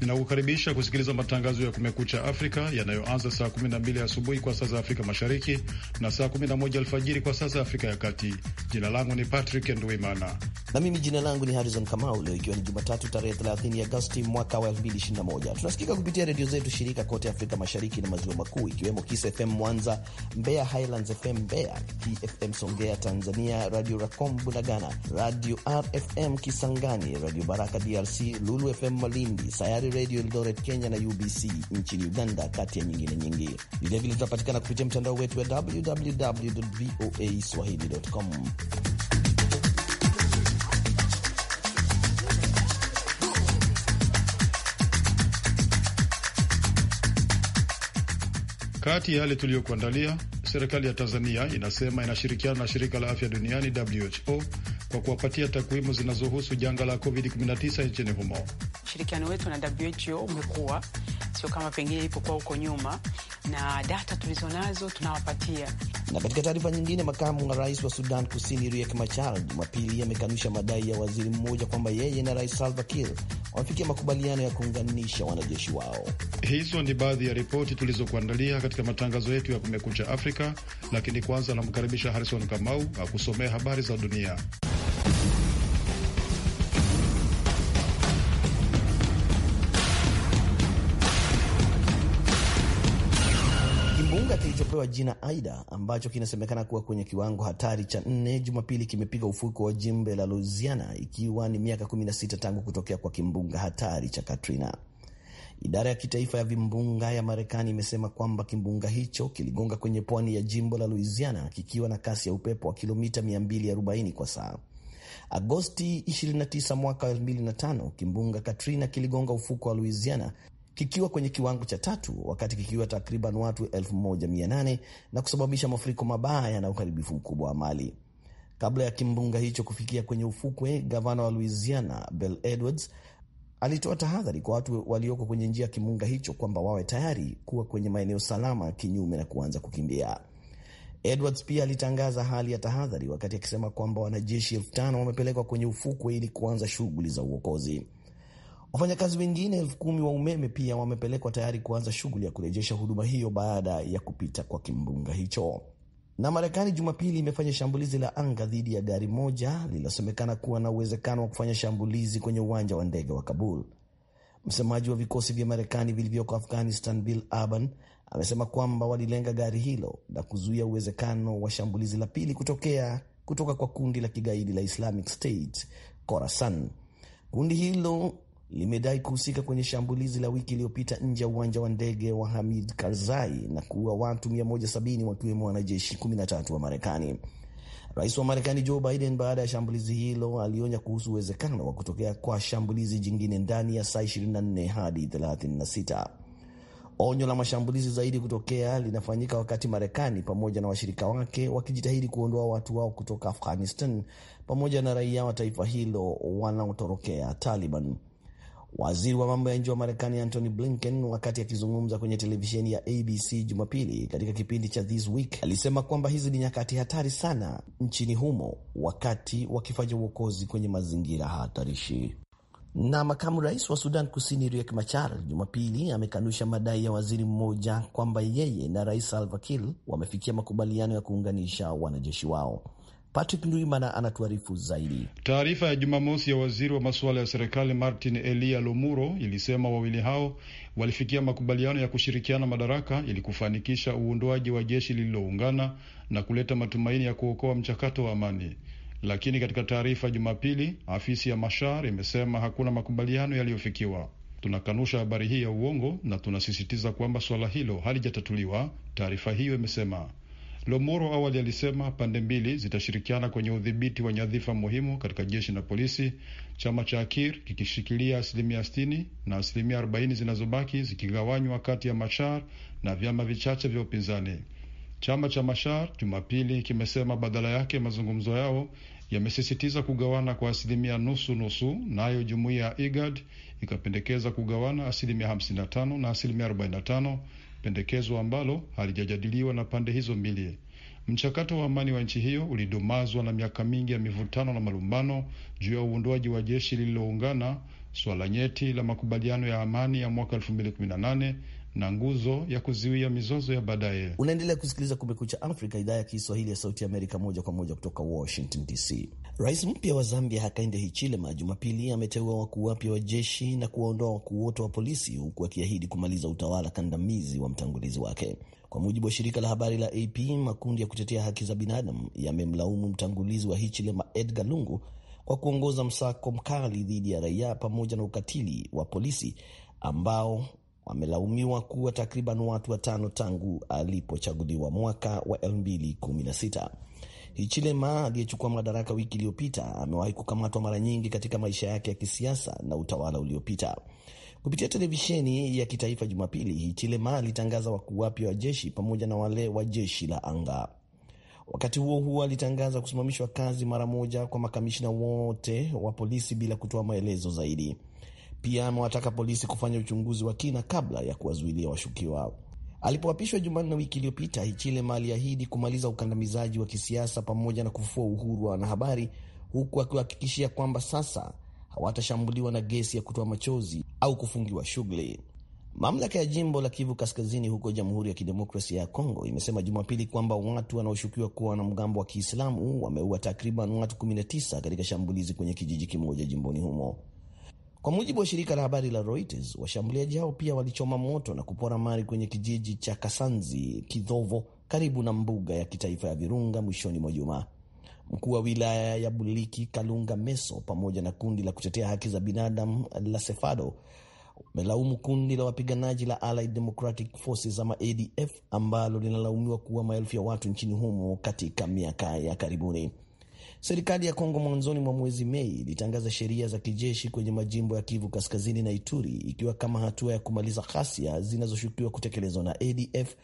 ninakukaribisha kusikiliza matangazo ya Kumekucha Afrika yanayoanza saa 12 asubuhi kwa saa za Afrika Mashariki na saa 11 alfajiri kwa saa za Afrika ya Kati. Jina langu ni Patrick Nduimana na mimi jina langu ni Harrison Kamau. Leo ikiwa ni Jumatatu tarehe 30 Agosti mwaka wa 2021, tunasikika kupitia redio zetu shirika kote Afrika Mashariki na Maziwa Makuu, ikiwemo Kis FM Mwanza, Mbeya Highlands FM Mbeya, KFM Songea Tanzania, Radio Racom Bunagana, Radio RFM Kisangani, Radio Baraka DRC, Lulu FM Malindi, Sayari Sayari Radio Eldoret Kenya na UBC nchini Uganda, kati ya nyingine nyingi. Vilevile tunapatikana kupitia mtandao wetu wa www voa swahili.com. Kati ya yale tuliyokuandalia, serikali ya Tanzania inasema inashirikiana na shirika la afya duniani WHO kwa kuwapatia takwimu zinazohusu janga la COVID-19 nchini humo. Ushirikiano wetu na WHO umekuwa sio kama pengine ilipokuwa huko nyuma, na data tulizonazo tunawapatia. Na katika taarifa nyingine, makamu wa rais wa Sudan Kusini Riek Machar Jumapili amekanusha madai ya waziri mmoja kwamba yeye na rais Salva Kiir wamefikia makubaliano ya kuunganisha wanajeshi wao. Hizo ni baadhi ya ripoti tulizokuandalia katika matangazo yetu ya Kumekucha Afrika, lakini kwanza anamkaribisha harison Kamau akusomea habari za dunia. Kimbunga kilichopewa jina Aida ambacho kinasemekana kuwa kwenye kiwango hatari cha nne, Jumapili kimepiga ufuko wa jimbo la Louisiana, ikiwa ni miaka 16 tangu kutokea kwa kimbunga hatari cha Katrina. Idara ya kitaifa ya vimbunga ya Marekani imesema kwamba kimbunga hicho kiligonga kwenye pwani ya jimbo la Louisiana kikiwa na kasi ya upepo wa kilomita 240 kwa saa. Agosti 29 mwaka 2005 kimbunga Katrina kiligonga ufuko wa Louisiana kikiwa kwenye kiwango cha tatu wakati kikiwa takriban watu 1800 na kusababisha mafuriko mabaya na uharibifu mkubwa wa mali. Kabla ya kimbunga hicho kufikia kwenye ufukwe, gavana wa Louisiana bel Edwards alitoa tahadhari kwa watu walioko kwenye njia ya kimbunga hicho kwamba wawe tayari kuwa kwenye maeneo salama, kinyume na kuanza kukimbia. Edwards pia alitangaza hali ya tahadhari wakati akisema kwamba wanajeshi elfu tano wamepelekwa kwenye ufukwe ili kuanza shughuli za uokozi. Wafanyakazi wengine elfu kumi wa umeme pia wamepelekwa tayari kuanza shughuli ya kurejesha huduma hiyo baada ya kupita kwa kimbunga hicho. Na Marekani Jumapili imefanya shambulizi la anga dhidi ya gari moja lililosemekana kuwa na uwezekano wa kufanya shambulizi kwenye uwanja wa ndege wa Kabul. Msemaji wa vikosi vya Marekani vilivyoko Afghanistan, Bill Urban, amesema kwamba walilenga gari hilo na kuzuia uwezekano wa shambulizi la pili kutokea kutoka kwa kundi la kigaidi la Islamic State Khorasan. Kundi hilo limedai kuhusika kwenye shambulizi la wiki iliyopita nje ya uwanja wa ndege wa Hamid Karzai na kuua watu 170 wakiwemo wanajeshi 13 wa Marekani. Rais wa Marekani Joe Biden baada ya shambulizi hilo alionya kuhusu uwezekano wa kutokea kwa shambulizi jingine ndani ya saa 24 hadi 36. Onyo la mashambulizi zaidi kutokea linafanyika wakati Marekani pamoja na washirika wake wakijitahidi kuondoa watu wao kutoka Afghanistan pamoja na raia wa taifa hilo wanaotorokea Taliban. Waziri wa mambo ya nje wa Marekani Antony Blinken, wakati akizungumza kwenye televisheni ya ABC Jumapili katika kipindi cha This Week, alisema kwamba hizi ni nyakati hatari sana nchini humo, wakati wakifanya uokozi kwenye mazingira hatarishi. Na makamu rais wa Sudan Kusini Riek Machar Jumapili amekanusha madai ya waziri mmoja kwamba yeye na rais Salva Kiir wamefikia makubaliano ya kuunganisha wanajeshi wao. Patrick Ndwimana anatuarifu zaidi. Taarifa ya Jumamosi ya waziri wa masuala ya serikali Martin Elia Lomuro ilisema wawili hao walifikia makubaliano ya kushirikiana madaraka ili kufanikisha uundoaji wa jeshi lililoungana na kuleta matumaini ya kuokoa mchakato wa amani lakini katika taarifa Jumapili, afisi ya Mashar imesema hakuna makubaliano yaliyofikiwa. Tunakanusha habari hii ya uongo na tunasisitiza kwamba suala hilo halijatatuliwa, taarifa hiyo imesema. Lomoro awali alisema pande mbili zitashirikiana kwenye udhibiti wa nyadhifa muhimu katika jeshi na polisi, chama cha Akir kikishikilia asilimia 60 na asilimia 40 zinazobaki zikigawanywa kati ya Machar na vyama vichache vya upinzani. Chama cha Mashar Jumapili kimesema badala yake mazungumzo yao yamesisitiza kugawana kwa asilimia nusu nusu, nayo jumuiya ya IGAD ikapendekeza kugawana asilimia 55 na asilimia 45, pendekezo ambalo halijajadiliwa na pande hizo mbili. Mchakato wa amani wa nchi hiyo ulidumazwa na miaka mingi ya mivutano na malumbano juu ya uundwaji wa jeshi lililoungana, swala nyeti la makubaliano ya amani ya mwaka na nguzo ya kuzuia mizozo ya baadaye. Unaendelea kusikiliza Kumekucha Afrika, idhaa ya Kiswahili ya Sauti Amerika, moja kwa moja kutoka Washington DC. Rais mpya wa Zambia Hakainde Hichilema Jumapili ameteua wakuu wapya wa jeshi na kuwaondoa wakuu wote wa polisi, huku akiahidi kumaliza utawala kandamizi wa mtangulizi wake. Kwa mujibu wa shirika la habari la AP, makundi ya kutetea haki za binadamu yamemlaumu mtangulizi wa Hichilema Edgar Lungu kwa kuongoza msako mkali dhidi ya raia pamoja na ukatili wa polisi ambao wamelaumiwa kuwa takriban watu watano tangu alipochaguliwa mwaka wa 2016. Hichilema aliyechukua madaraka wiki iliyopita amewahi kukamatwa mara nyingi katika maisha yake ya kisiasa na utawala uliopita. Kupitia televisheni ya kitaifa Jumapili, Hichilema alitangaza wakuu wapya wa jeshi pamoja na wale wa jeshi la anga. Wakati huo huo, alitangaza kusimamishwa kazi mara moja kwa makamishina wote wa polisi bila kutoa maelezo zaidi. Pia amewataka polisi kufanya uchunguzi wa kina kabla ya kuwazuilia washukiwa. Alipoapishwa Jumanne wiki iliyopita, Hichilema aliahidi kumaliza ukandamizaji wa kisiasa pamoja na kufufua uhuru wa wanahabari, huku akiwahakikishia kwamba sasa hawatashambuliwa na gesi ya kutoa machozi au kufungiwa shughuli. Mamlaka ya jimbo la Kivu Kaskazini huko Jamhuri ya Kidemokrasia ya Kongo imesema Jumapili kwamba watu wanaoshukiwa kuwa wanamgambo wa Kiislamu wameua takriban watu 19 katika shambulizi kwenye kijiji kimoja jimboni humo. Kwa mujibu wa shirika la habari la Reuters, washambuliaji hao pia walichoma moto na kupora mali kwenye kijiji cha Kasanzi Kidhovo karibu na mbuga ya kitaifa ya Virunga mwishoni mwa Jumaa. Mkuu wa wilaya ya Buliki Kalunga Meso pamoja na kundi la kutetea haki za binadamu la Sefado wamelaumu kundi la wapiganaji la Allied Democratic Forces ama ADF ambalo linalaumiwa kuwa maelfu ya watu nchini humo katika miaka ya karibuni. Serikali ya Kongo mwanzoni mwa mwezi Mei ilitangaza sheria za kijeshi kwenye majimbo ya Kivu Kaskazini na Ituri, ikiwa kama hatua ya kumaliza ghasia zinazoshukiwa kutekelezwa na ADF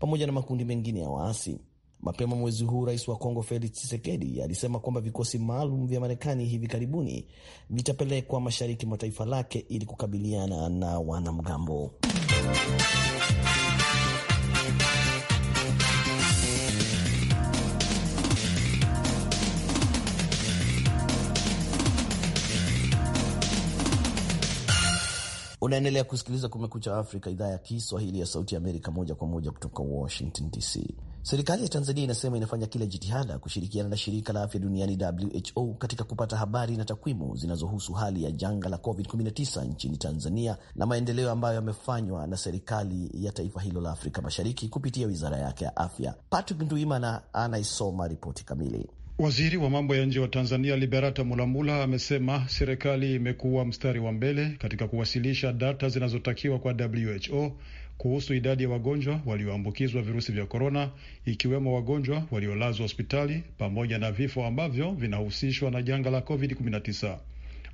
pamoja na makundi mengine ya waasi. Mapema mwezi huu rais wa Kongo Felix Tshisekedi alisema kwamba vikosi maalum vya Marekani hivi karibuni vitapelekwa mashariki mwa taifa lake ili kukabiliana na wanamgambo. Unaendelea kusikiliza Kumekucha Afrika, idhaa ya Kiswahili ya Sauti ya Amerika, moja kwa moja kutoka Washington DC. Serikali ya Tanzania inasema inafanya kila jitihada kushirikiana na shirika la afya duniani WHO katika kupata habari na takwimu zinazohusu hali ya janga la COVID-19 nchini Tanzania na maendeleo ambayo yamefanywa na serikali ya taifa hilo la Afrika Mashariki kupitia wizara yake ya afya. Patrick Nduimana anaisoma ripoti kamili. Waziri wa mambo ya nje wa Tanzania Liberata Mulamula amesema serikali imekuwa mstari wa mbele katika kuwasilisha data zinazotakiwa kwa WHO kuhusu idadi ya wagonjwa walioambukizwa virusi vya korona, ikiwemo wagonjwa waliolazwa hospitali pamoja na vifo ambavyo vinahusishwa na janga la COVID-19.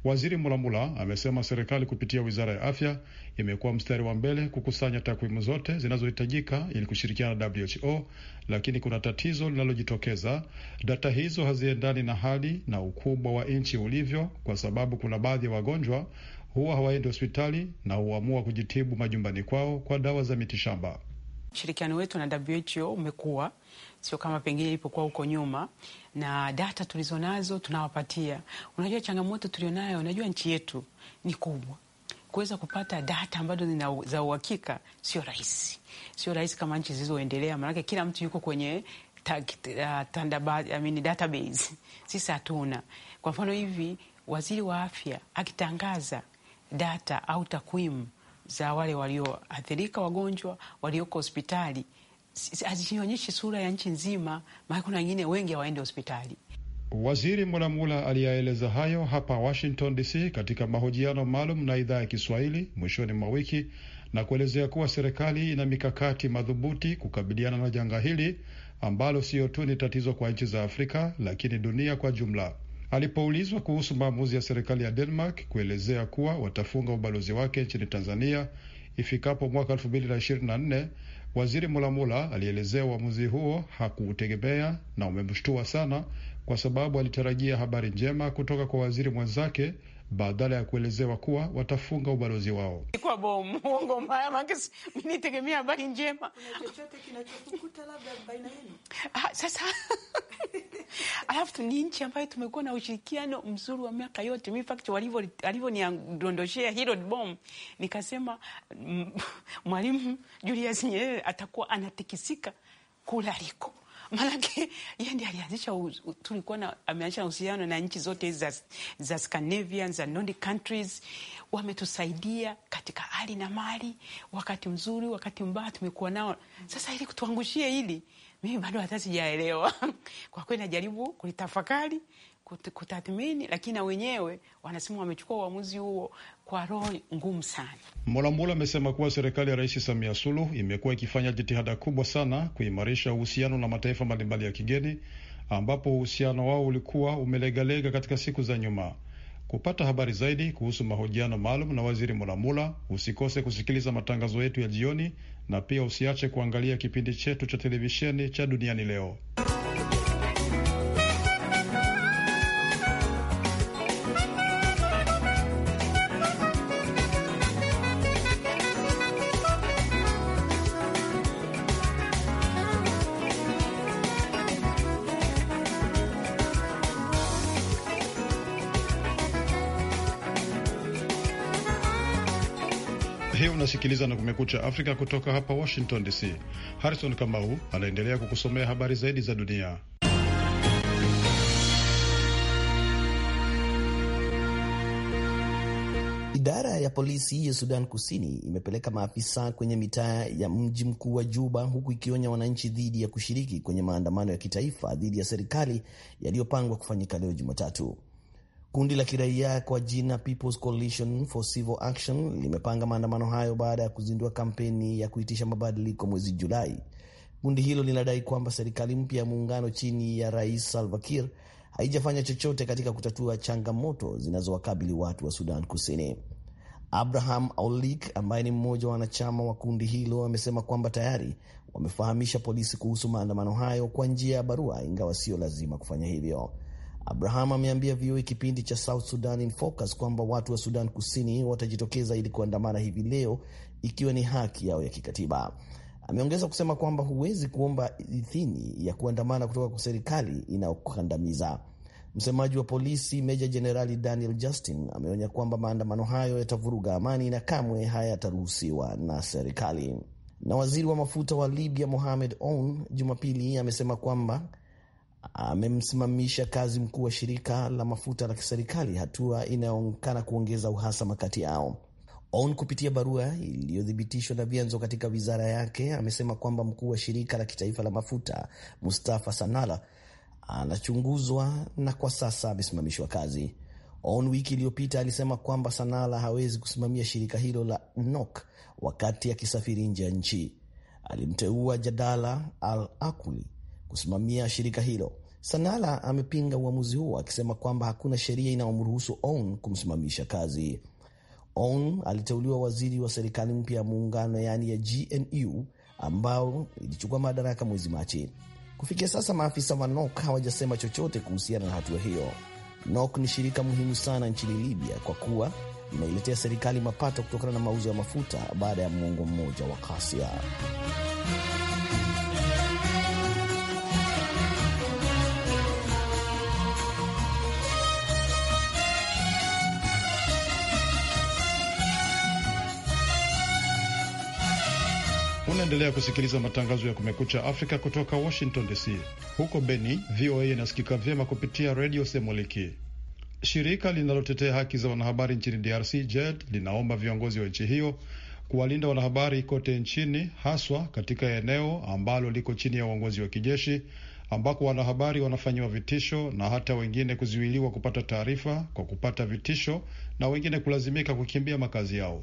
Waziri Mulamula amesema serikali kupitia wizara ya afya imekuwa mstari wa mbele kukusanya takwimu zote zinazohitajika ili kushirikiana na WHO, lakini kuna tatizo linalojitokeza. Data hizo haziendani na hali na ukubwa wa nchi ulivyo, kwa sababu kuna baadhi ya wagonjwa huwa hawaendi hospitali na huamua kujitibu majumbani kwao kwa dawa za mitishamba. Ushirikiano wetu na WHO umekuwa sio kama pengine ilipokuwa huko nyuma, na data tulizonazo tunawapatia. Unajua changamoto tulionayo, unajua nchi yetu ni kubwa kuweza kupata data ambazo ni za uhakika sio rahisi, sio rahisi kama nchi zilizoendelea, maanake kila mtu yuko kwenye Thunderbird, uh, I mean database. Sisi hatuna. Kwa mfano hivi, waziri wa afya akitangaza data au takwimu za wale walioathirika, wagonjwa walioko hospitali hazionyeshi sura ya nchi nzima, maana kuna wengine wengi hawaende hospitali. Waziri Mulamula aliyaeleza hayo hapa Washington DC katika mahojiano maalum na idhaa ya Kiswahili mwishoni mwa wiki na kuelezea kuwa serikali ina mikakati madhubuti kukabiliana na janga hili ambalo sio tu ni tatizo kwa nchi za Afrika lakini dunia kwa jumla. Alipoulizwa kuhusu maamuzi ya serikali ya Denmark kuelezea kuwa watafunga ubalozi wake nchini Tanzania ifikapo mwaka elfu mbili na ishirini na nne, Waziri Mulamula alielezea uamuzi huo hakuutegemea na umemshtua sana, kwa sababu alitarajia habari njema kutoka kwa waziri mwenzake badala ya kuelezewa kuwa watafunga ubalozi wao. mbaya, habari njema. Kuna chochote labda baina yenu? Ah, sasa Alafu ni nchi ambayo tumekuwa na ushirikiano mzuri wa miaka yote. Mi fact walivyo alivyonidondoshea hilo bomb, nikasema Mwalimu Julius Nyerere atakuwa anatikisika kula liko Maanake yeye ndiye alianzisha, tulikuwa na ameanzisha uhusiano na nchi zote za, za Scandinavian za Nordic countries. Wametusaidia katika hali na mali, wakati mzuri, wakati mbaya tumekuwa nao. Sasa ili kutuangushia hili mimi bado hata sijaelewa. Kwa kweli najaribu kulitafakari, kutathmini, lakini na wenyewe wanasema wamechukua uamuzi huo kwa roho ngumu sana. Mbolambola amesema kuwa serikali ya Rais Samia Suluhu imekuwa ikifanya jitihada kubwa sana kuimarisha uhusiano na mataifa mbalimbali ya kigeni ambapo uhusiano wao ulikuwa umelegalega katika siku za nyuma. Kupata habari zaidi kuhusu mahojiano maalum na waziri Mulamula, usikose kusikiliza matangazo yetu ya jioni, na pia usiache kuangalia kipindi chetu cha televisheni cha Duniani Leo. unasikiliza na Kumekucha Afrika kutoka hapa Washington DC. Harrison Kamau anaendelea kukusomea habari zaidi za dunia. Idara ya polisi ya Sudan Kusini imepeleka maafisa kwenye mitaa ya mji mkuu wa Juba huku ikionya wananchi dhidi ya kushiriki kwenye maandamano ya kitaifa dhidi ya serikali yaliyopangwa kufanyika leo Jumatatu. Kundi la kiraia kwa jina People's Coalition for Civil Action limepanga maandamano hayo baada ya kuzindua kampeni ya kuitisha mabadiliko mwezi Julai. Kundi hilo linadai kwamba serikali mpya ya muungano chini ya Rais Salva Kiir haijafanya chochote katika kutatua changamoto zinazowakabili watu wa Sudan Kusini. Abraham Aulik ambaye ni mmoja wa wanachama wa kundi hilo amesema kwamba tayari wamefahamisha polisi kuhusu maandamano hayo kwa njia ya barua, ingawa sio lazima kufanya hivyo. Abraham ameambia VOA kipindi cha South Sudan in Focus kwamba watu wa Sudan Kusini watajitokeza ili kuandamana hivi leo ikiwa ni haki yao ya kikatiba. Ameongeza kusema kwamba huwezi kuomba idhini ya kuandamana kutoka kwa serikali inayokandamiza. Msemaji wa polisi Meja Jenerali Daniel Justin ameonya kwamba maandamano hayo yatavuruga amani na kamwe hayataruhusiwa na serikali. Na waziri wa mafuta wa Libya Mohamed Oun Jumapili amesema kwamba amemsimamisha kazi mkuu wa shirika la mafuta la kiserikali, hatua inayoonekana kuongeza uhasama kati yao. On kupitia barua iliyothibitishwa na vyanzo katika wizara yake amesema kwamba mkuu wa shirika la kitaifa la mafuta Mustafa Sanala anachunguzwa na kwa sasa amesimamishwa kazi. On wiki iliyopita alisema kwamba Sanala hawezi kusimamia shirika hilo la NOC wakati akisafiri nje ya nchi. Alimteua Jadala Al Akuli kusimamia shirika hilo. Sanala amepinga uamuzi huo akisema kwamba hakuna sheria inayomruhusu on kumsimamisha kazi. on aliteuliwa waziri wa serikali mpya ya muungano yaani ya GNU ambao ilichukua madaraka mwezi Machi. Kufikia sasa maafisa wa NOK hawajasema chochote kuhusiana na hatua hiyo. NOK ni shirika muhimu sana nchini Libya kwa kuwa inailetea serikali mapato kutokana na mauzo ya mafuta baada ya muongo mmoja wa kasia. Unaendelea kusikiliza matangazo ya Kumekucha Afrika kutoka Washington DC. Huko Beni, VOA inasikika vyema kupitia redio Semuliki. Shirika linalotetea haki za wanahabari nchini DRC JED linaomba viongozi wa nchi hiyo kuwalinda wanahabari kote nchini, haswa katika eneo ambalo liko chini ya uongozi wa kijeshi, ambako wanahabari wanafanyiwa vitisho na hata wengine kuzuiliwa kupata taarifa kwa kupata vitisho na wengine kulazimika kukimbia makazi yao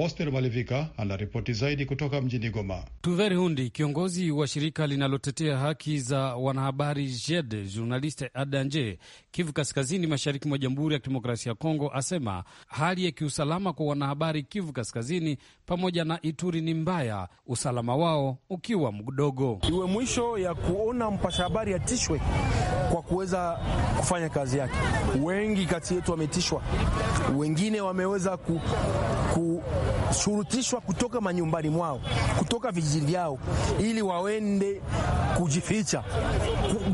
hoster Malivika anaripoti zaidi kutoka mjini Goma. Tuveri Hundi, kiongozi wa shirika linalotetea haki za wanahabari JED Journaliste Adanje, Kivu Kaskazini, mashariki mwa Jamhuri ya Kidemokrasia ya Kongo, asema hali ya kiusalama kwa wanahabari Kivu Kaskazini pamoja na Ituri ni mbaya, usalama wao ukiwa mdogo. Iwe mwisho ya kuona mpasha habari atishwe kwa kuweza kufanya kazi yake. Wengi kati yetu wametishwa, wengine wameweza ku kushurutishwa kutoka manyumbani mwao, kutoka vijiji vyao, ili waende kujificha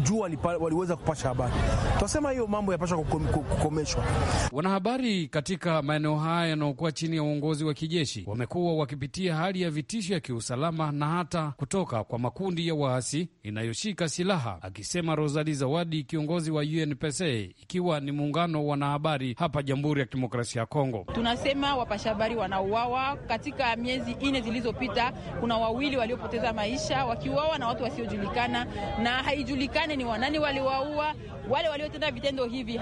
juu waliweza kupasha habari. Tunasema hiyo mambo yapasha kukomeshwa. Wanahabari katika maeneo haya yanayokuwa chini ya uongozi wa kijeshi wamekuwa wakipitia hali ya vitisho ya kiusalama na hata kutoka kwa makundi ya waasi inayoshika silaha, akisema Rosali Zawadi, kiongozi wa unpc ikiwa ni muungano wa wanahabari hapa Jamhuri ya Kidemokrasia ya Kongo. Tunasema wapasha habari wanauawa. Katika miezi ine zilizopita, kuna wawili waliopoteza maisha wakiuawa na watu wasiojulikana, na haijulikane ni wanani waliwaua. Wale waliotenda vitendo hivi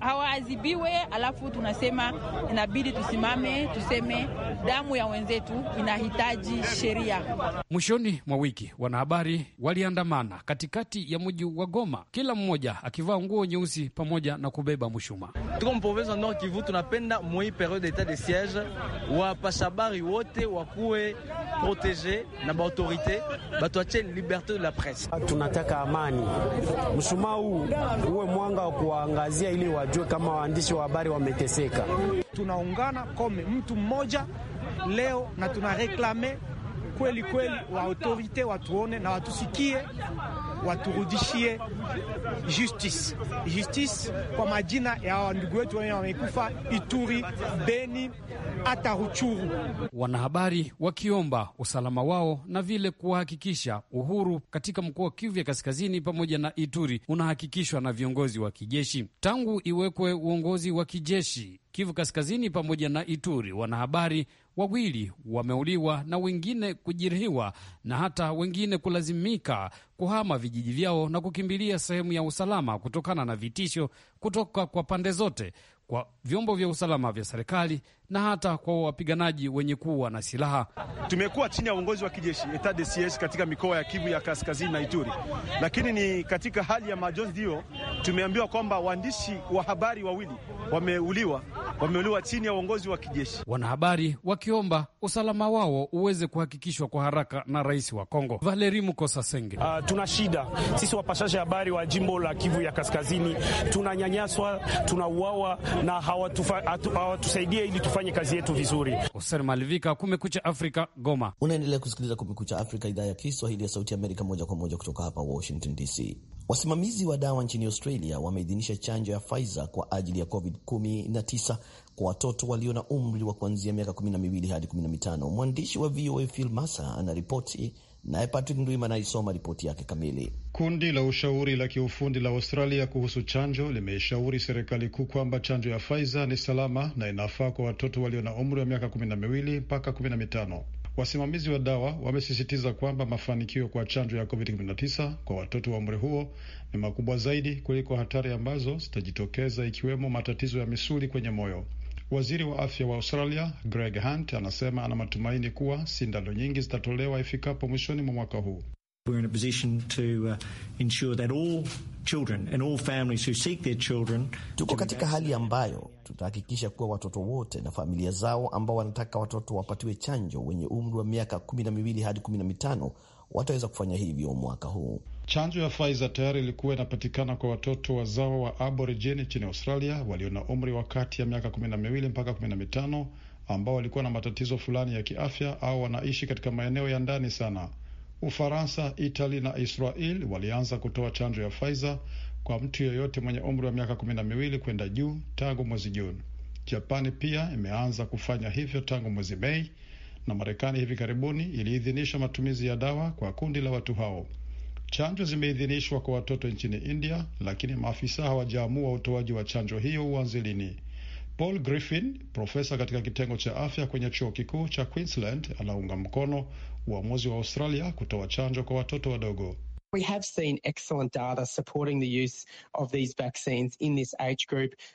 hawaadhibiwe, alafu tunasema inabidi tusimame tuseme damu ya wenzetu inahitaji sheria. Mwishoni mwa wiki wanahabari waliandamana katikati ya mji wa Goma, kila mmoja akivaa nguo nyeusi pamoja na kubeba mshuma. Tuko mprovensa Nord Kivu, tunapenda mwei periode detat de siege, wapashabari wote wakuwe protege na baautorite, batuache liberte de la presse. Tunataka amani, mshumaa huu uwe mwanga wa kuwaangazia ili wajue kama waandishi wa habari wameteseka tunaungana kome mtu mmoja leo na tunareklame kweli kweli, wa autorite watuone na watusikie, waturudishie justice, justice kwa majina ya wandugu wetu wenye wamekufa Ituri, Beni hata Ruchuru. Wanahabari wakiomba usalama wao na vile kuwahakikisha uhuru katika mkoa wa Kivu ya Kaskazini pamoja na Ituri unahakikishwa na viongozi wa kijeshi tangu iwekwe uongozi wa kijeshi Kivu Kaskazini pamoja na Ituri, wanahabari wawili wameuliwa na wengine kujeruhiwa na hata wengine kulazimika kuhama vijiji vyao na kukimbilia sehemu ya usalama kutokana na vitisho kutoka kwa pande zote, kwa vyombo vya usalama vya serikali na hata kwa wapiganaji wenye kuwa na silaha. Tumekuwa chini ya uongozi wa kijeshi etat de siege katika mikoa ya Kivu ya kaskazini na Ituri, lakini ni katika hali ya majonzi ndiyo tumeambiwa kwamba waandishi wa habari wawili wameuliwa, wameuliwa chini ya uongozi wa kijeshi, wanahabari wakiomba usalama wao uweze kuhakikishwa kwa haraka na rais wa Kongo Valeri Mukosa Senge. Uh, ah, tuna shida sisi wapashaji habari wa jimbo la Kivu ya kaskazini, tunanyanyaswa, tunauawa na hawatusaidie ili tufa tufanye kazi yetu vizuri. Hosen Malivika, Kumekucha Afrika, Goma. Unaendelea kusikiliza Kumekucha Afrika, idhaa ya Kiswahili ya Sauti Amerika, moja kwa moja kutoka hapa Washington DC. Wasimamizi wa dawa nchini Australia wameidhinisha chanjo ya Pfizer kwa ajili ya COVID-19 kwa watoto walio na umri wa kuanzia miaka 12 hadi 15. Mwandishi wa VOA Phil Massa anaripoti Naye Patrick Ndwima anaisoma ripoti yake kamili. Kundi la ushauri la kiufundi la Australia kuhusu chanjo limeishauri serikali kuu kwamba chanjo ya Pfizer ni salama na inafaa kwa watoto walio na umri wa miaka kumi na miwili mpaka kumi na mitano. Wasimamizi wa dawa wamesisitiza kwamba mafanikio kwa chanjo ya COVID-19 kwa watoto wa umri huo ni makubwa zaidi kuliko hatari ambazo zitajitokeza ikiwemo matatizo ya misuli kwenye moyo. Waziri wa afya wa Australia Greg Hunt anasema ana matumaini kuwa sindano nyingi zitatolewa ifikapo mwishoni mwa mwaka huu. Tuko katika hali ambayo tutahakikisha kuwa watoto wote na familia zao ambao wanataka watoto wapatiwe chanjo wenye umri wa miaka kumi na miwili hadi kumi na mitano wataweza kufanya hivyo mwaka huu. Chanjo ya Pfizer tayari ilikuwa inapatikana kwa watoto zao wa Aborigini nchini Australia walio na umri wa kati ya miaka kumi na miwili mpaka kumi na mitano ambao walikuwa na matatizo fulani ya kiafya au wanaishi katika maeneo ya ndani sana. Ufaransa, Itali na Israel walianza kutoa chanjo ya Pfizer kwa mtu yeyote mwenye umri wa miaka kumi na miwili kwenda juu tangu mwezi Juni. Japani pia imeanza kufanya hivyo tangu mwezi Mei, na Marekani hivi karibuni iliidhinisha matumizi ya dawa kwa kundi la watu hao. Chanjo zimeidhinishwa kwa watoto nchini India, lakini maafisa hawajaamua utoaji wa chanjo hiyo uanze lini. Paul Griffin, profesa katika kitengo cha afya kwenye chuo kikuu cha Queensland, anaunga mkono uamuzi wa Australia kutoa chanjo kwa watoto wadogo.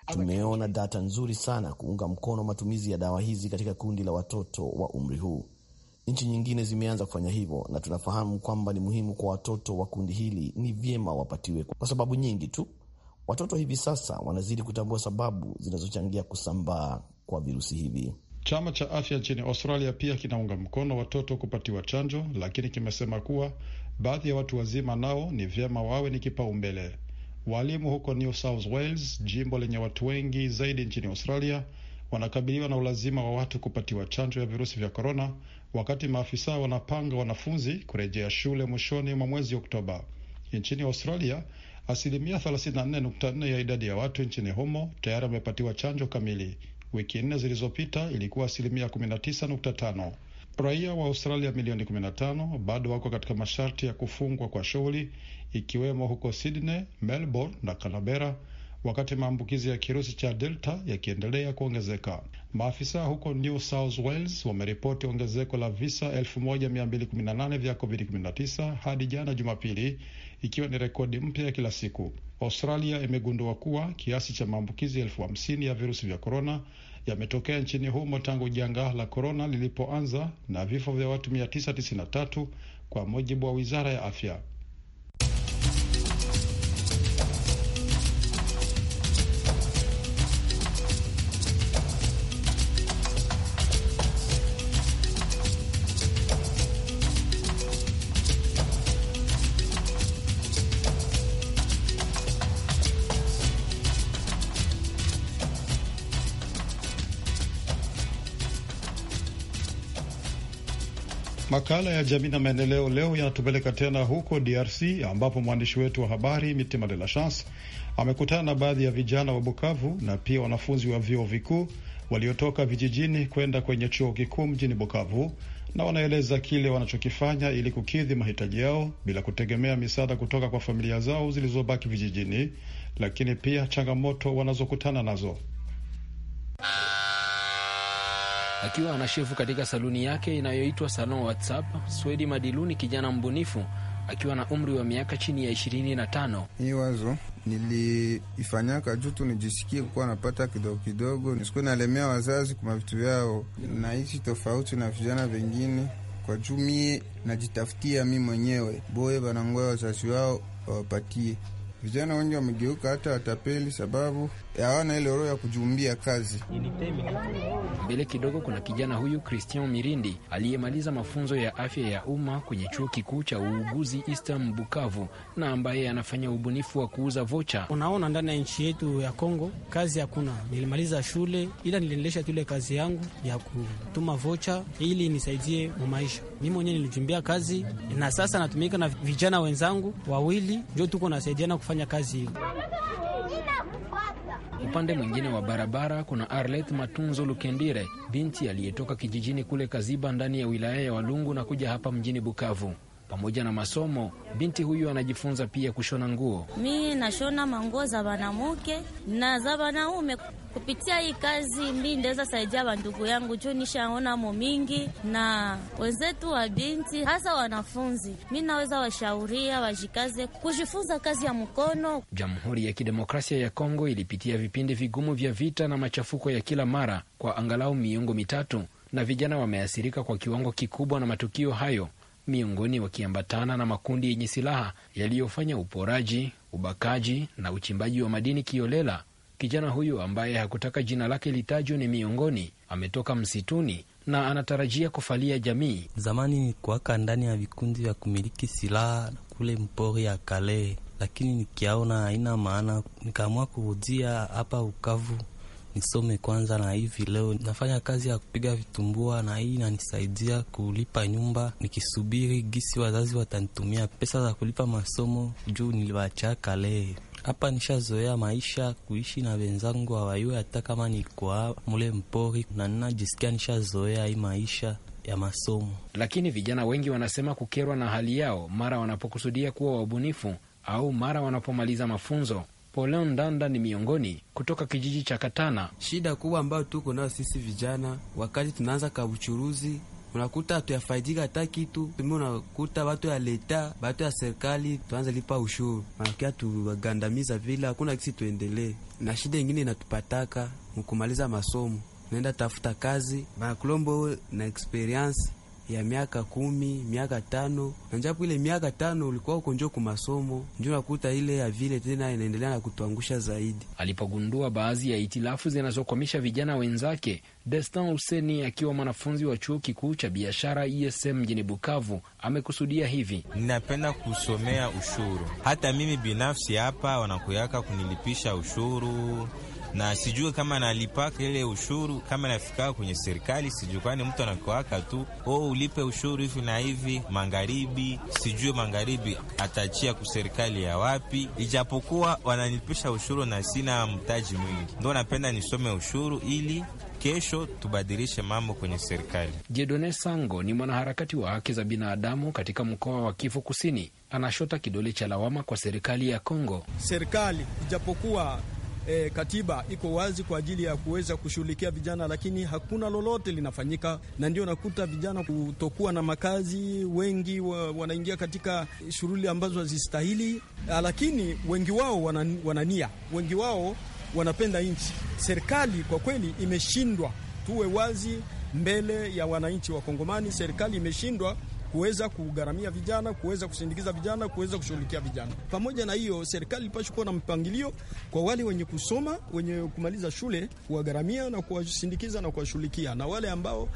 Tumeona data nzuri sana kuunga mkono matumizi ya dawa hizi katika kundi la watoto wa umri huu. Nchi nyingine zimeanza kufanya hivyo, na tunafahamu kwamba ni muhimu kwa watoto wa kundi hili, ni vyema wapatiwe, kwa sababu nyingi tu. Watoto hivi sasa wanazidi kutambua sababu zinazochangia kusambaa kwa virusi hivi. Chama cha afya nchini Australia pia kinaunga mkono watoto kupatiwa chanjo, lakini kimesema kuwa baadhi ya watu wazima nao ni vyema wawe ni kipaumbele. Walimu huko New South Wales, jimbo lenye watu wengi zaidi nchini Australia, wanakabiliwa na ulazima wa watu kupatiwa chanjo ya virusi vya korona, wakati maafisa wanapanga wanafunzi kurejea shule mwishoni mwa mwezi Oktoba. Nchini Australia, asilimia 34.4 ya idadi ya watu nchini humo tayari wamepatiwa chanjo kamili. Wiki nne zilizopita ilikuwa asilimia 19.5. Raia wa Australia milioni 15 bado wako katika masharti ya kufungwa kwa shughuli, ikiwemo huko Sydney, Melbourne na Canberra wakati maambukizi ya kirusi cha Delta yakiendelea kuongezeka. Maafisa huko New South Wales wameripoti ongezeko la visa 1218 vya COVID-19 hadi jana Jumapili, ikiwa ni rekodi mpya ya kila siku. Australia imegundua kuwa kiasi cha maambukizi elfu hamsini ya virusi vya korona yametokea nchini humo tangu janga la korona lilipoanza na vifo vya watu 993 kwa mujibu wa wizara ya afya. Makala ya jamii na maendeleo leo yanatupeleka tena huko DRC ambapo mwandishi wetu wa habari Mitima de la Chance amekutana na baadhi ya vijana wa Bukavu na pia wanafunzi wa vyuo vikuu waliotoka vijijini kwenda kwenye chuo kikuu mjini Bukavu, na wanaeleza kile wanachokifanya ili kukidhi mahitaji yao bila kutegemea misaada kutoka kwa familia zao zilizobaki vijijini, lakini pia changamoto wanazokutana nazo akiwa anashefu katika saluni yake inayoitwa Salon WhatsApp. Swedi Madiluni, kijana mbunifu akiwa na umri wa miaka chini ya ishirini na tano. Hii wazo niliifanyaka juu tu nijisikie kuwa napata kidogo kidogo, nisikuwe nalemea wazazi kwa vitu vyao. Naishi tofauti na vijana vengine kwa juu mie najitafutia mi mwenyewe, boye banangoya wazazi wao wawapatie Vijana wengi wamegeuka hata watapeli, sababu hawana ile roho ya kujumbia kazi. Mbele kidogo kuna kijana huyu Christian Mirindi aliyemaliza mafunzo ya afya ya umma kwenye chuo kikuu cha uuguzi Istam Bukavu na ambaye anafanya ubunifu wa kuuza vocha. Unaona, ndani ya nchi yetu ya Kongo kazi hakuna. Nilimaliza shule, ila niliendelesha tule kazi yangu ya kutuma vocha ili nisaidie mu maisha. Mi mwenyewe nilijumbia kazi na sasa natumika na vijana wenzangu wawili, ndio tuko nasaidiana kufanya kufanya kazi hiyo. Upande mwingine wa barabara kuna Arlet Matunzo Lukendire, binti aliyetoka kijijini kule Kaziba ndani ya wilaya ya Walungu na kuja hapa mjini Bukavu. Pamoja na masomo, binti huyu anajifunza pia kushona nguo. Mi nashona manguo za wanamuke na za wanaume. Kupitia hii kazi mi ndaweza saidia wandugu yangu juu nishaona mo mingi na wenzetu wa binti, hasa wanafunzi. Mi naweza washauria wajikaze kujifunza kazi ya mkono. Jamhuri ya Kidemokrasia ya Kongo ilipitia vipindi vigumu vya vita na machafuko ya kila mara kwa angalau miongo mitatu, na vijana wameathirika kwa kiwango kikubwa na matukio hayo miongoni wakiambatana na makundi yenye silaha yaliyofanya uporaji, ubakaji na uchimbaji wa madini kiolela. Kijana huyu ambaye hakutaka jina lake litajwe ni miongoni, ametoka msituni na anatarajia kufalia jamii. Zamani nikuwaka ndani ya vikundi vya kumiliki silaha kule mpori ya Kale, lakini nikiaona haina maana, nikaamua kurudia hapa Ukavu nisome kwanza, na hivi leo nafanya kazi ya kupiga vitumbua, na hii inanisaidia kulipa nyumba, nikisubiri gisi wazazi watanitumia pesa za kulipa masomo juu niliwachaka lee hapa nishazoea maisha kuishi na wenzangu hawayue, hata kama nikwa mule mpori na ninajisikia nishazoea hii maisha ya masomo. Lakini vijana wengi wanasema kukerwa na hali yao mara wanapokusudia kuwa wabunifu au mara wanapomaliza mafunzo. Polin Ndanda ni miongoni kutoka kijiji cha Katana. Shida kubwa ambayo tuko nayo sisi vijana, wakati tunaanza kabuchuruzi unakuta tuyafaidika hata kitu tume, unakuta watu ya leta watu ya serikali tuanze lipa ushuru, manakia tuwagandamiza vile, hakuna kisi tuendelee na shida. Ingine inatupataka mkumaliza masomo, naenda tafuta kazi banakulombo na experience ya miaka kumi, miaka tano, na njapo ile miaka tano ulikuwa uko njo kumasomo, njo nakuta ile ya vile tena inaendelea na kutuangusha zaidi. Alipogundua baadhi ya itilafu zinazokwamisha vijana wenzake, Destin useni akiwa mwanafunzi wa chuo kikuu cha biashara ESM mjini Bukavu amekusudia hivi: ninapenda kusomea ushuru, hata mimi binafsi hapa wanakuyaka kunilipisha ushuru na sijui kama nalipaka ile ushuru kama nafika kwenye serikali, sijui kwani mtu anakoaka tu oh, ulipe ushuru hivi na hivi magharibi, sijui magharibi atachia kuserikali ya wapi, ijapokuwa wananipisha ushuru na sina mtaji mwingi, ndo napenda nisome ushuru ili kesho tubadilishe mambo kwenye serikali. Jedone Sango ni mwanaharakati wa haki za binadamu katika mkoa wa Kivu Kusini, anashota kidole cha lawama kwa serikali ya Kongo. Serikali ijapokuwa e, katiba iko wazi kwa ajili ya kuweza kushughulikia vijana, lakini hakuna lolote linafanyika, na ndio nakuta vijana kutokuwa na makazi, wengi wa, wanaingia katika shughuli ambazo hazistahili, lakini wengi wao wanania, wanania wengi wao wanapenda nchi. Serikali kwa kweli imeshindwa, tuwe wazi mbele ya wananchi wa Kongomani, serikali imeshindwa kuweza kugharamia vijana, kuweza kusindikiza vijana, kuweza kushughulikia vijana. Pamoja na hiyo, serikali ilipaswa kuwa na mpangilio kwa wale wenye kusoma, wenye kumaliza shule, kuwagharamia na kuwasindikiza na kuwashughulikia, na wale ambao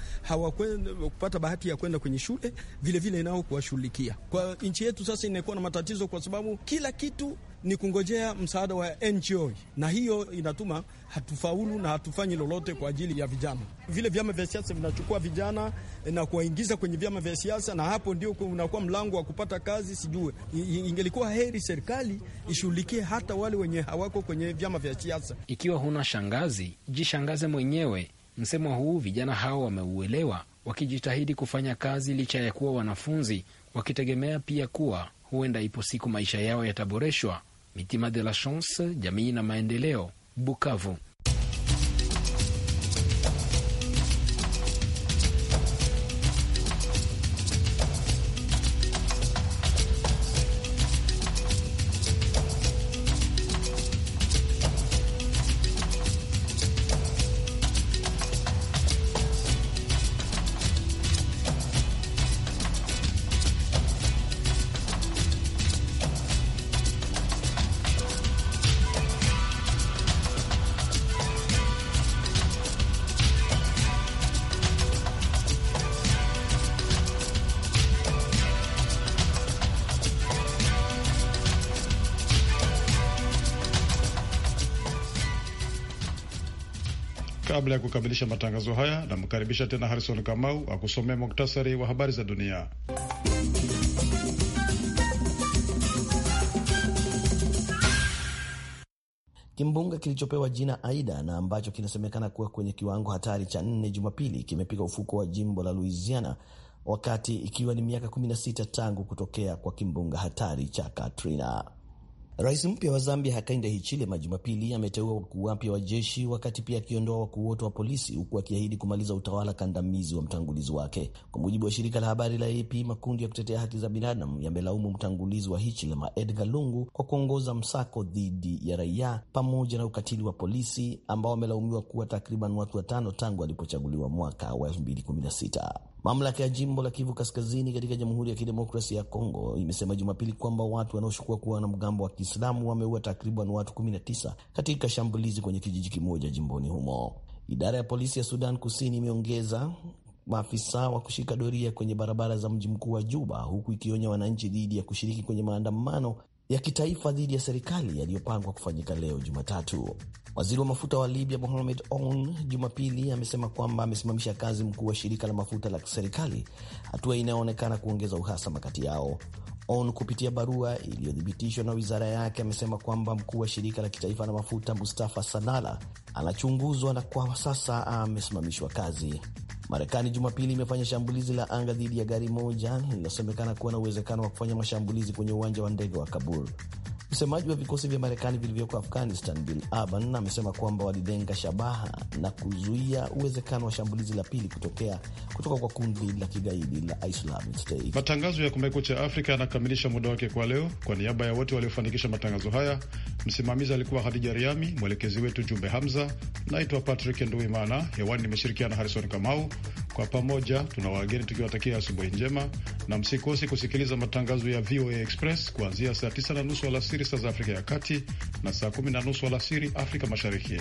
kupata bahati ya kwenda kwenye shule vilevile nao kuwashughulikia. Kwa nchi yetu sasa inakuwa na matatizo, kwa sababu kila kitu ni kungojea msaada wa NGO, na hiyo inatuma hatufaulu na hatufanyi lolote kwa ajili ya vijana. Vile vyama vya siasa vinachukua vijana eh, na kuwaingiza kwenye vyama vya siasa, na hapo ndio unakuwa mlango wa kupata kazi. Sijue ingelikuwa heri serikali ishughulikie hata wale wenye hawako kwenye vyama vya siasa. Ikiwa huna shangazi, jishangaze mwenyewe. Msemo huu vijana hao wameuelewa, wakijitahidi kufanya kazi licha ya kuwa wanafunzi, wakitegemea pia kuwa huenda ipo siku maisha yao yataboreshwa Mitima de la Chance, Jamii na Maendeleo, Bukavu. Kabla ya kukamilisha matangazo haya, namkaribisha tena Harrison Kamau akusomea muktasari wa habari za dunia. Kimbunga kilichopewa jina Aida na ambacho kinasemekana kuwa kwenye kiwango hatari cha nne Jumapili kimepiga ufuko wa jimbo la Louisiana, wakati ikiwa ni miaka 16 tangu kutokea kwa kimbunga hatari cha Katrina. Rais mpya wa Zambia Hakainde Hichilema Jumapili ameteua wakuu wapya wa jeshi, wakati pia akiondoa wakuu wote wa polisi, huku akiahidi kumaliza utawala kandamizi wa mtangulizi wake. Kwa mujibu wa shirika la habari la AP, makundi ya kutetea haki za binadamu yamelaumu mtangulizi wa Hichilema Edgar Lungu kwa kuongoza msako dhidi ya raia pamoja na ukatili wa polisi ambao wamelaumiwa kuwa takriban watu watano tangu alipochaguliwa mwaka wa 2016. Mamlaka ya jimbo la Kivu Kaskazini katika Jamhuri ya Kidemokrasia ya Kongo imesema Jumapili kwamba watu wanaoshukua kuwa mgambo wa Kiislamu wameua takriban watu 19 katika shambulizi kwenye kijiji kimoja jimboni humo. Idara ya polisi ya Sudan Kusini imeongeza maafisa wa kushika doria kwenye barabara za mji mkuu wa Juba, huku ikionya wananchi dhidi ya kushiriki kwenye maandamano ya kitaifa dhidi ya serikali yaliyopangwa kufanyika leo Jumatatu. Waziri wa mafuta wa Libya Mohamed Oun Jumapili amesema kwamba amesimamisha kazi mkuu wa shirika la mafuta la serikali, hatua inayoonekana kuongeza uhasama kati yao. Oun kupitia barua iliyothibitishwa na wizara yake amesema kwamba mkuu wa shirika la kitaifa la mafuta Mustafa Sanala anachunguzwa na kwa sasa amesimamishwa kazi. Marekani Jumapili imefanya shambulizi la anga dhidi ya gari moja linasemekana kuwa na uwezekano wa kufanya mashambulizi kwenye uwanja wa ndege wa Kabul. Msemaji wa vikosi vya Marekani vilivyoko Afghanistan, Bill Aban, amesema kwamba walilenga shabaha na kuzuia uwezekano wa shambulizi la pili kutokea kutoka kwa kundi la kigaidi la Islamic State. Matangazo ya Kumekucha Afrika yanakamilisha muda wake kwa leo. Kwa niaba ya wote waliofanikisha matangazo haya, msimamizi alikuwa Hadija Riami, mwelekezi wetu Jumbe Hamza. Naitwa Patrick Nduimana, hewani nimeshirikiana Harrison Kamau. Kwa pamoja tuna wageni tukiwatakia asubuhi njema, na msikosi kusikiliza matangazo ya VOA Express kuanzia saa 9 na nusu alasiri saa za Afrika ya Kati na saa 10 na nusu alasiri Afrika Mashariki.